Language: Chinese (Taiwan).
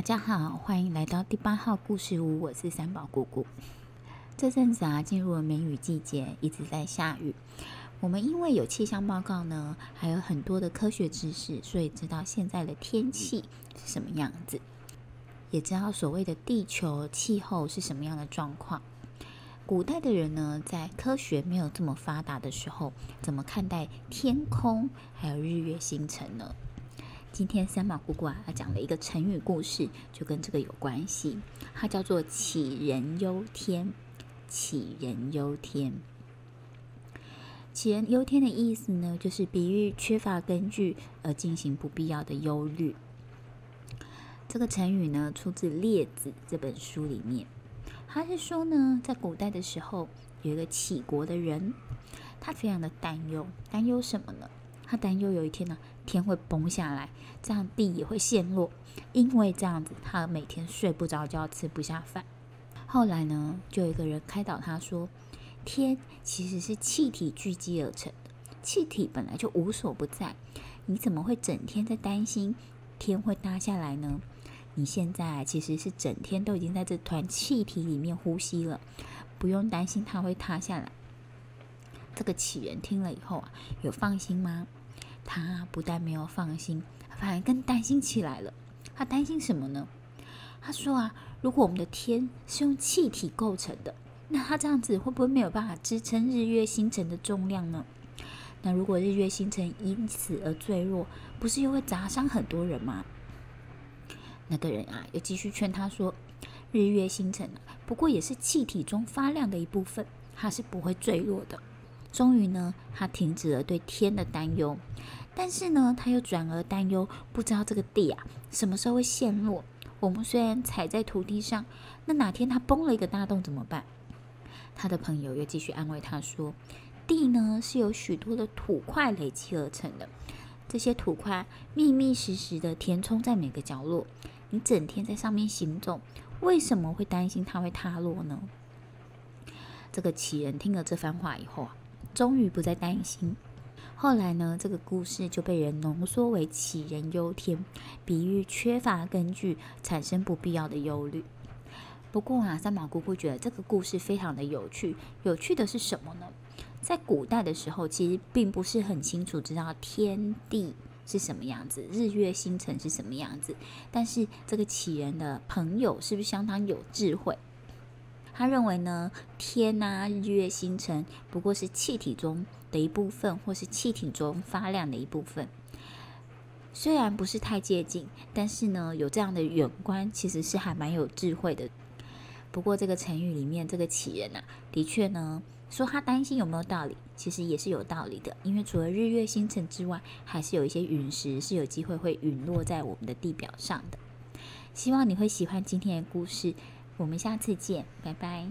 大家好，歡迎來到第八號故事屋，我是三寶姑姑。這陣子啊，進入了梅雨季節，一直在下雨。我們因為有氣象報告呢，還有很多的科學知識，所以知道現在的天氣是什麼樣子，也知道所謂的地球氣候是什麼樣的狀況。古代的人呢，在科學沒有這麼發達的時候，怎麼看待天空還有日月星辰呢？今天三寶菇菇啊，她講了一個成語故事，就跟這個有關係。它叫做“杞人憂天”。杞人憂天，杞人憂天的意思呢，就是比喻缺乏根據而進行不必要的憂慮。這個成語呢，出自《列子》這本書裡面。它是說呢，在古代的時候，有一個杞國的人，他非常的擔憂，擔憂什麼呢？他擔憂有一天呢、啊，天會崩下來，這樣地也會陷落，因為這樣子，他每天睡不着覺，吃不下飯。後來呢，就有一個人開導他說：“天其實是氣體聚集而成的，氣體本來就無所不在，你怎麼會整天在擔心天會塌下來呢？你現在其實是整天都已經在這團氣體裡面呼吸了，不用擔心它會塌下來。”這個杞人聽了以後啊，有放心嗎？他不但沒有放心，反而更擔心起來了。他擔心什麼呢？他說：“啊，如果我們的天是用氣體構成的，那它這樣子會不會沒有辦法支撐日月星辰的重量呢？那如果日月星辰因此而墜落，不是又會砸傷很多人嗎？”那個人啊，又繼續勸他說：“日月星辰啊，不過也是氣體中發亮的一部分，它是不會墜落的。”終於呢，他停止了對天的擔憂，但是呢，他又轉而擔憂，不知道這個地啊什麼時候會陷落。我們雖然踩在土地上，那哪天它崩了一個大洞怎麼辦？他的朋友又繼續安慰他說：“地呢是由許多的土塊累積而成的，這些土塊密密實實的填充在每個角落，你整天在上面行走，為什麼會擔心它會塌落呢？”這個杞人聽了這番話以後啊。終於不再擔心。後來呢，這個故事就被人濃縮為“杞人憂天”，比喻缺乏根據產生不必要的憂慮。不過啊，三寶菇菇覺得這個故事非常的有趣。有趣的是什麼呢？在古代的時候，其實並不是很清楚知道天地是什麼樣子，日月星辰是什麼樣子。但是這個杞人的朋友是不是相當有智慧？他認為呢，天啊，日月星辰不過是氣體中的一部分，或是氣體中發亮的一部分。雖然不是太接近，但是呢，有這樣的遠觀，其實是還蠻有智慧的。不過這個成語裡面這個杞人啊，的確呢，說他擔心有沒有道理？其實也是有道理的，因為除了日月星辰之外，還是有一些隕石是有機會會隕落在我們的地表上的。希望你會喜歡今天的故事。我們下次見，拜拜。